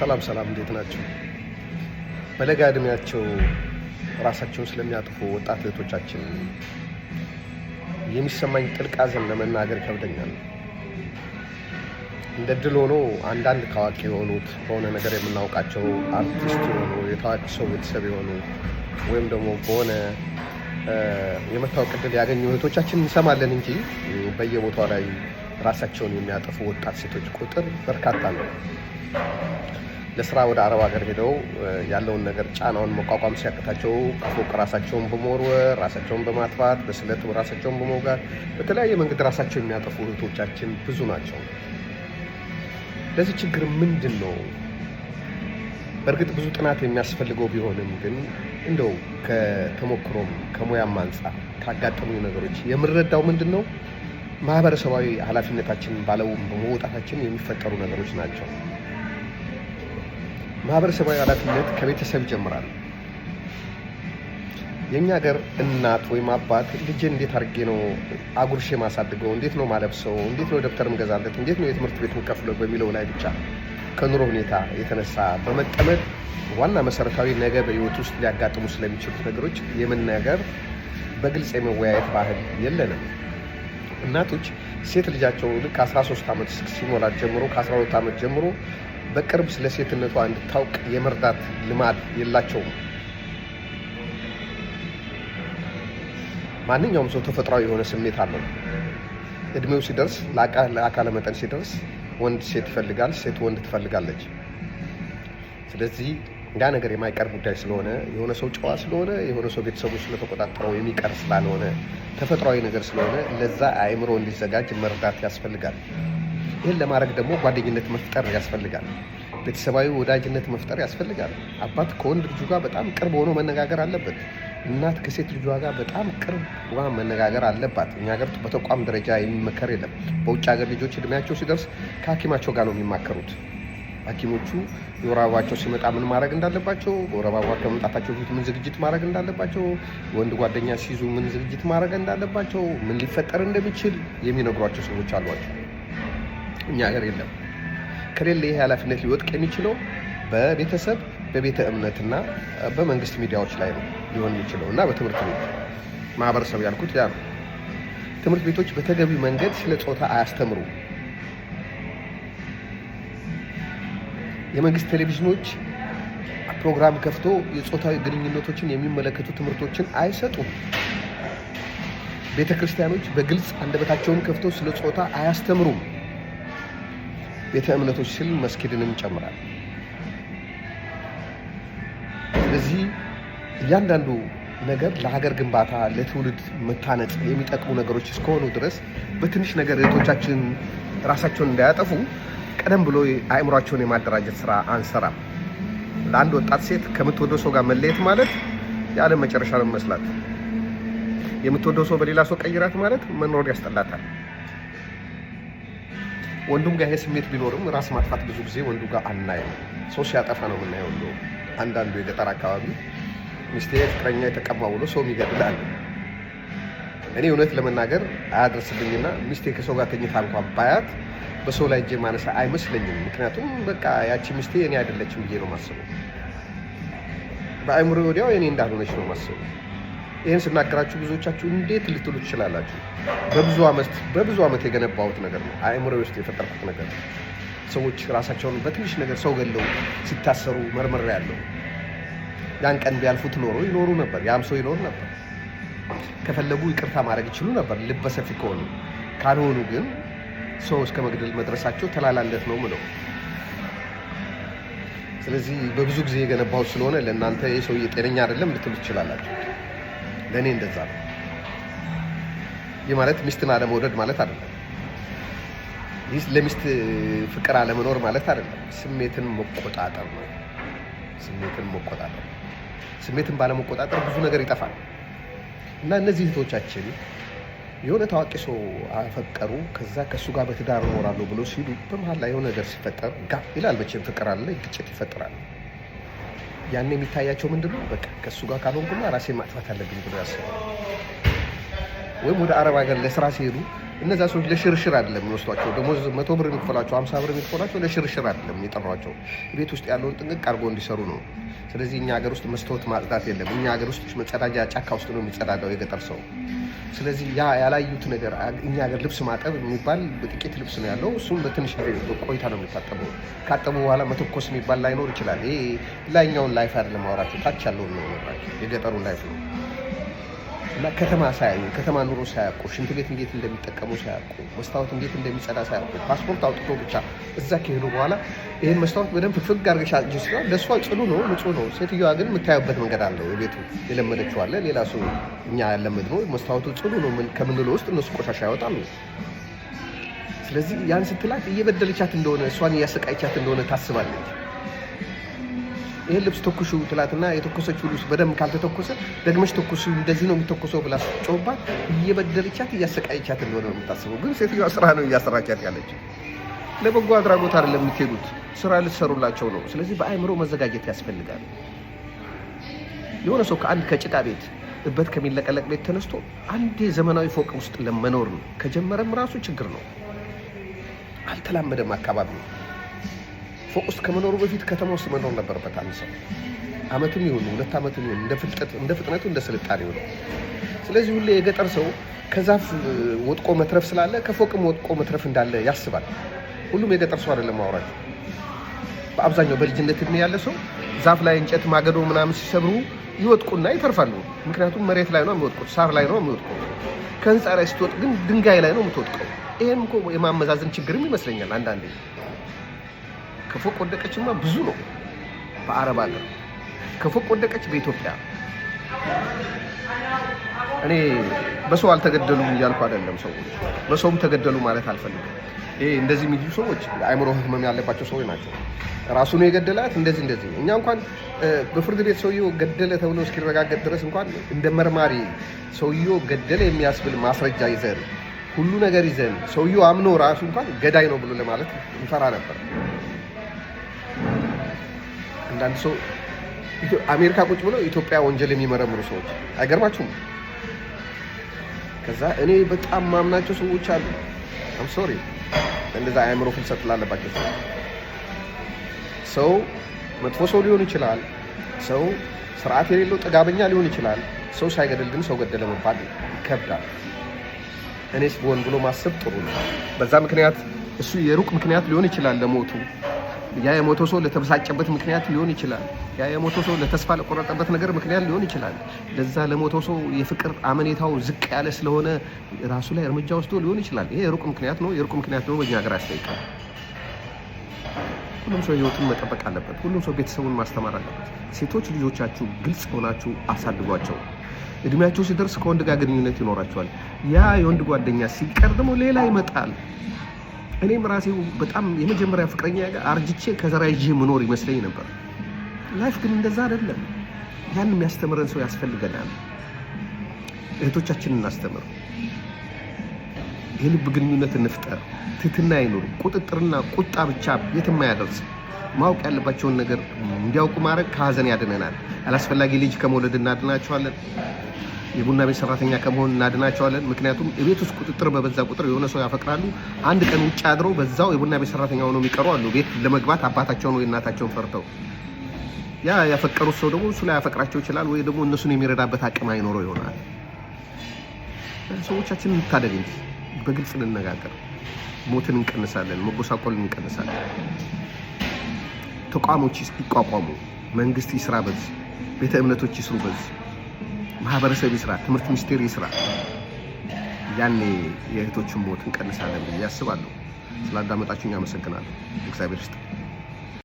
ሰላም ሰላም፣ እንዴት ናቸው? በለጋ እድሜያቸው ራሳቸውን ስለሚያጥፉ ወጣት እህቶቻችን የሚሰማኝ ጥልቅ ሐዘን ለመናገር ይከብደኛል። እንደ ድል ሆኖ አንዳንድ ታዋቂ የሆኑት በሆነ ነገር የምናውቃቸው አርቲስት የሆኑ የታዋቂ ሰው ቤተሰብ የሆኑ ወይም ደግሞ በሆነ የመታወቅ እድል ያገኙ እህቶቻችን እንሰማለን እንጂ በየቦታው ላይ ራሳቸውን የሚያጠፉ ወጣት ሴቶች ቁጥር በርካታ ነው። ለስራ ወደ አረብ ሀገር ሄደው ያለውን ነገር ጫናውን መቋቋም ሲያቅታቸው ከፎቅ ራሳቸውን በመወርወር ራሳቸውን በማጥፋት በስለት ራሳቸውን በመውጋት በተለያየ መንገድ ራሳቸው የሚያጠፉ እህቶቻችን ብዙ ናቸው። ለዚህ ችግር ምንድን ነው? በእርግጥ ብዙ ጥናት የሚያስፈልገው ቢሆንም ግን እንደው ከተሞክሮም ከሙያም አንጻር ካጋጠሙ ነገሮች የምንረዳው ምንድን ነው ማህበረሰባዊ ኃላፊነታችን ባለው በመወጣታችን የሚፈጠሩ ነገሮች ናቸው። ማህበረሰባዊ ኃላፊነት ከቤተሰብ ይጀምራል። የእኛ ሀገር እናት ወይም አባት ልጅን እንዴት አድርጌ ነው አጉርሼ ማሳድገው፣ እንዴት ነው ማለብሰው፣ እንዴት ነው ደብተር ምገዛለት፣ እንዴት ነው የትምህርት ቤት ምከፍለው በሚለው ላይ ብቻ ከኑሮ ሁኔታ የተነሳ በመቀመጥ ዋና መሰረታዊ ነገ በህይወት ውስጥ ሊያጋጥሙ ስለሚችሉት ነገሮች የመናገር በግልጽ የመወያየት ባህል የለንም። እናቶች ሴት ልጃቸው ልክ 13 ዓመት ሲሞላት ጀምሮ ከ12 ዓመት ጀምሮ በቅርብ ስለ ሴትነቷ እንድታውቅ የመርዳት ልማድ የላቸውም። ማንኛውም ሰው ተፈጥሯዊ የሆነ ስሜት አለው። እድሜው ሲደርስ ለአካለ መጠን ሲደርስ ወንድ ሴት ይፈልጋል፣ ሴት ወንድ ትፈልጋለች። ስለዚህ ያ ነገር የማይቀር ጉዳይ ስለሆነ የሆነ ሰው ጨዋ ስለሆነ የሆነ ሰው ቤተሰቡ ስለተቆጣጠረው የሚቀር ስላልሆነ ተፈጥሯዊ ነገር ስለሆነ ለዛ አእምሮ እንዲዘጋጅ መርዳት ያስፈልጋል። ይህን ለማድረግ ደግሞ ጓደኝነት መፍጠር ያስፈልጋል። ቤተሰባዊ ወዳጅነት መፍጠር ያስፈልጋል። አባት ከወንድ ልጁ ጋር በጣም ቅርብ ሆኖ መነጋገር አለበት። እናት ከሴት ልጇ ጋር በጣም ቅርብ ሆና መነጋገር አለባት። እኛ ሀገር በተቋም ደረጃ የሚመከር የለም። በውጭ ሀገር ልጆች እድሜያቸው ሲደርስ ከሐኪማቸው ጋር ነው የሚማከሩት። ሐኪሞቹ የወር አበባቸው ሲመጣ ምን ማድረግ እንዳለባቸው፣ የወር አበባ ከመምጣታቸው በፊት ምን ዝግጅት ማድረግ እንዳለባቸው፣ ወንድ ጓደኛ ሲይዙ ምን ዝግጅት ማድረግ እንዳለባቸው፣ ምን ሊፈጠር እንደሚችል የሚነግሯቸው ሰዎች አሏቸው። እኛ ሀገር የለም። ከሌለ ይሄ ኃላፊነት ሊወጥቅ የሚችለው በቤተሰብ በቤተ እምነትና በመንግስት ሚዲያዎች ላይ ነው ሊሆን የሚችለው እና በትምህርት ቤት ማህበረሰብ ያልኩት ያ ነው። ትምህርት ቤቶች በተገቢ መንገድ ስለ ጾታ አያስተምሩ። የመንግስት ቴሌቪዥኖች ፕሮግራም ከፍቶ የጾታዊ ግንኙነቶችን የሚመለከቱ ትምህርቶችን አይሰጡም። ቤተ ክርስቲያኖች በግልጽ አንደበታቸውን ከፍቶ ስለ ፆታ አያስተምሩም። ቤተ እምነቶች ስል መስጊድንም ይጨምራል። ስለዚህ እያንዳንዱ ነገር ለሀገር ግንባታ ለትውልድ መታነጽ የሚጠቅሙ ነገሮች እስከሆኑ ድረስ በትንሽ ነገር እህቶቻችን ራሳቸውን እንዳያጠፉ ቀደም ብሎ አእምሯቸውን የማደራጀት ስራ አንሰራም። ለአንድ ወጣት ሴት ከምትወደው ሰው ጋር መለየት ማለት የዓለም መጨረሻ ነው መስላት። የምትወደው ሰው በሌላ ሰው ቀይራት ማለት መኖር ያስጠላታል። ወንዱም ጋር ይሄ ስሜት ቢኖርም ራስ ማጥፋት ብዙ ጊዜ ወንዱ ጋር አናየው። ሰው ሲያጠፋ ነው የምናየው። ወንዱ አንዳንዱ የገጠር አካባቢ ሚስቴ ፍቅረኛ የተቀማ ብሎ ሰው ይገድላል። እኔ እውነት ለመናገር አያደርስልኝና ሚስቴ ከሰው ጋር ተኝታ እንኳን ባያት በሰው ላይ እጄ ማነሳ አይመስለኝም። ምክንያቱም በቃ ያቺ ሚስቴ እኔ አይደለችም ብዬ ነው ማስበው። በአእምሮ ወዲያው እኔ እንዳልሆነች ነው ማስበው። ይህን ስናገራችሁ ብዙዎቻችሁ እንዴት ልትሉ ትችላላችሁ። በብዙ ዓመት በብዙ ዓመት የገነባሁት ነገር ነው። አእምሮ ውስጥ የፈጠርኩት ነገር ነው። ሰዎች ራሳቸውን በትንሽ ነገር ሰው ገለው ሲታሰሩ መርመር ያለው ያን ቀን ቢያልፉት ኖሮ ይኖሩ ነበር። ያም ሰው ይኖር ነበር። ከፈለጉ ይቅርታ ማድረግ ይችሉ ነበር ልበሰፊ ከሆኑ። ካልሆኑ ግን ሰው እስከ መግደል መድረሳቸው ተላላለት ነው ምለው። ስለዚህ በብዙ ጊዜ የገነባሁት ስለሆነ ለእናንተ ይህ ሰውዬ ጤነኛ አይደለም ልትሉ ትችላላችሁ። ለእኔ እንደዛ ነው። ይህ ማለት ሚስትን አለመውደድ ማለት አይደለም። ይህ ለሚስት ፍቅር አለመኖር ማለት አይደለም። ስሜትን መቆጣጠር ነው። ስሜትን መቆጣጠር፣ ስሜትን ባለመቆጣጠር ብዙ ነገር ይጠፋል እና እነዚህ እህቶቻችን የሆነ ታዋቂ ሰው አፈቀሩ፣ ከዛ ከእሱ ጋር በትዳር እኖራለሁ ብሎ ሲሉ በመሀል ላይ የሆነ ነገር ሲፈጠር ጋ ይላል። መቼም ፍቅር አለ፣ ግጭት ይፈጥራል። ያን የሚታያቸው ምንድን ነው? በቃ ከእሱ ጋር ካልሆንኩማ ራሴን ማጥፋት አለብኝ ብሎ ያስባል። ወይም ወደ አረብ ሀገር ለስራ ሲሄዱ እነዛ ሰዎች ለሽርሽር አይደለም የሚወስዷቸው። ደሞዝ መቶ ብር የሚከፈላቸው ሀምሳ ብር የሚከፈላቸው ለሽርሽር አይደለም የጠሯቸው፣ ቤት ውስጥ ያለውን ጥንቅቅ አድርጎ እንዲሰሩ ነው። ስለዚህ እኛ ሀገር ውስጥ መስታወት ማጽዳት የለም። እኛ ሀገር ውስጥ መጸዳጃ ጫካ ውስጥ ነው የሚጸዳዳው የገጠር ሰው ስለዚህ ያ ያላዩት ነገር እኛ ሀገር ልብስ ማጠብ የሚባል በጥቂት ልብስ ነው ያለው። እሱም በትንሽ ጊዜ ቆይታ ነው የሚታጠበው። ካጠቡ በኋላ መተኮስ የሚባል ላይኖር ይችላል። ይሄ ላይኛውን ላይፍ አይደለም ማውራቸው፣ ታች ያለውን ነው የገጠሩን ላይፍ ነው። ከተማ ሳያዩ ከተማ ኑሮ ሳያውቁ ሽንት ቤት እንዴት እንደሚጠቀሙ ሳያውቁ መስታወት እንዴት እንደሚጸዳ ሳያውቁ ፓስፖርት አውጥቶ ብቻ እዛ ከሄዱ በኋላ ይህን መስታወት በደንብ ፍግ አርገሻ ጅ ሲሆን ለእሷ ጽዱ ነው፣ ንጹህ ነው። ሴትዮዋ ግን የምታየበት መንገድ አለው። ቤቱ የለመደችው አለ። ሌላ ሰው እኛ ያለመድ ነው። መስታወቱ ጽዱ ነው ከምንለው ውስጥ እነሱ ቆሻሻ ያወጣሉ። ስለዚህ ያን ስትላት እየበደለቻት እንደሆነ እሷን እያሰቃይቻት እንደሆነ ታስባለች። ይህን ልብስ ተኩሹ ትላትና የተኮሰችው ልብስ በደንብ ካልተተኮሰ ደግመሽ ተኩሱ እንደዚህ ነው የሚተኮሰው ብላ ጮባት እየበደለቻት እያሰቃየቻት እንደሆነ ነው የምታስበው። ግን ሴትዮዋ ስራ ነው እያሰራቻት ያለችው። ለበጎ አድራጎት አይደለም የምትሄዱት፣ ስራ ልትሰሩላቸው ነው። ስለዚህ በአእምሮ መዘጋጀት ያስፈልጋል። የሆነ ሰው ከአንድ ከጭቃ ቤት እበት ከሚለቀለቅ ቤት ተነስቶ አንዴ ዘመናዊ ፎቅ ውስጥ ለመኖር ነው ከጀመረም ራሱ ችግር ነው። አልተላመደም አካባቢ ነው። ፎቅ ውስጥ ከመኖሩ በፊት ከተማ ውስጥ መኖር ነበረበት። አንድ ሰው አመትም ይሁን ሁለት አመትም ይሁን እንደ ፍጥነቱ እንደ ስልጣኔ ነው። ስለዚህ ሁሌ የገጠር ሰው ከዛፍ ወጥቆ መትረፍ ስላለ ከፎቅም ወጥቆ መትረፍ እንዳለ ያስባል። ሁሉም የገጠር ሰው አይደለም ማውራት። በአብዛኛው በልጅነት እድሜ ያለ ሰው ዛፍ ላይ እንጨት፣ ማገዶ ምናምን ሲሰብሩ ይወጥቁና ይተርፋሉ። ምክንያቱም መሬት ላይ ነው የሚወጥቁት፣ ሳር ላይ ነው የሚወጥቁት። ከህንፃ ላይ ስትወጥ ግን ድንጋይ ላይ ነው የምትወጥቀው። ይህም እኮ የማመዛዘን ችግርም ይመስለኛል አንዳንዴ ከፎቅ ወደቀችማ ብዙ ነው። በአረብ ሀገር ከፎቅ ወደቀች በኢትዮጵያ። እኔ በሰው አልተገደሉም እያልኩ አይደለም። ሰዎች በሰውም ተገደሉ ማለት አልፈልግም። ይሄ እንደዚህ የሚሉ ሰዎች አእምሮ ህመም ያለባቸው ሰዎች ናቸው። ነው የገደላት እንደዚህ እንደዚህ እኛ እንኳን በፍርድ ቤት ሰውየው ገደለ ተብሎ እስኪረጋገጥ ድረስ እንኳን እንደ መርማሪ ሰውየው ገደለ የሚያስብል ማስረጃ ይዘን ሁሉ ነገር ይዘን ሰውየው አምኖ ራሱ እንኳን ገዳይ ነው ብሎ ለማለት ይፈራ ነበር። አንዳንድ ሰው አሜሪካ ቁጭ ብለው ኢትዮጵያ ወንጀል የሚመረምሩ ሰዎች አይገርማችሁም? ከዛ እኔ በጣም ማምናቸው ሰዎች አሉ። አም ሶሪ እንደዛ አእምሮ ፍልሰት ላለባቸው ሰው ሰው መጥፎ ሰው ሊሆን ይችላል። ሰው ስርዓት የሌለው ጥጋበኛ ሊሆን ይችላል። ሰው ሳይገደል ግን ሰው ገደለ መባል ይከብዳል። እኔስ ብሆን ብሎ ማሰብ ጥሩ ነው። በዛ ምክንያት እሱ የሩቅ ምክንያት ሊሆን ይችላል ለሞቱ ያ የሞቶ ሰው ለተበሳጨበት ምክንያት ሊሆን ይችላል። ያ የሞተው ሰው ለተስፋ ለቆረጠበት ነገር ምክንያት ሊሆን ይችላል። ለዛ ለሞተ ሰው የፍቅር አመኔታው ዝቅ ያለ ስለሆነ ራሱ ላይ እርምጃ ወስዶ ሊሆን ይችላል። ይሄ የሩቅ ምክንያት ነው። የሩቅ ምክንያት ደግሞ በእኛ ሀገር ያስጠይቃል። ሁሉም ሰው ህይወቱን መጠበቅ አለበት። ሁሉም ሰው ቤተሰቡን ማስተማር አለበት። ሴቶች ልጆቻችሁ ግልጽ ሆናችሁ አሳድጓቸው። እድሜያቸው ሲደርስ ከወንድ ጋር ግንኙነት ይኖራቸዋል። ያ የወንድ ጓደኛ ሲቀር ደግሞ ሌላ ይመጣል። እኔም ራሴ በጣም የመጀመሪያ ፍቅረኛ ጋር አርጅቼ ከዘራ ይዤ ምኖር ይመስለኝ ነበር። ላይፍ ግን እንደዛ አይደለም። ያን የሚያስተምረን ሰው ያስፈልገናል። እህቶቻችንን እናስተምር። የልብ ግንኙነት እንፍጠር። ትህትና አይኑር። ቁጥጥርና ቁጣ ብቻ የትም አያደርስ። ማወቅ ያለባቸውን ነገር እንዲያውቁ ማድረግ ከሀዘን ያድነናል። አላስፈላጊ ልጅ ከመውለድ እናድናቸዋለን። የቡና ቤት ሰራተኛ ከመሆን እናድናቸዋለን። ምክንያቱም የቤት ውስጥ ቁጥጥር በበዛ ቁጥር የሆነ ሰው ያፈቅራሉ። አንድ ቀን ውጭ አድረው በዛው የቡና ቤት ሰራተኛ ሆነው የሚቀሩ አሉ። ቤት ለመግባት አባታቸውን ወይ እናታቸውን ፈርተው ያ ያፈቀሩት ሰው ደግሞ እሱ ላይ ያፈቅራቸው ይችላል፣ ወይ ደግሞ እነሱን የሚረዳበት አቅም አይኖረው ይሆናል። ሰዎቻችን እንታደግ እንጂ በግልጽ እንነጋገር። ሞትን እንቀንሳለን፣ መጎሳቆልን እንቀንሳለን። ተቋሞች ይቋቋሙ፣ መንግስት ይስራ በዚህ፣ ቤተ እምነቶች ይስሩ በዚህ ማህበረሰብ ይስራ፣ ትምህርት ሚኒስቴር ይስራ። ያኔ የእህቶችን ሞት እንቀንሳለን ብዬ አስባለሁ። ስላዳመጣችሁኝ አመሰግናለሁ። እግዚአብሔር ይስጥ።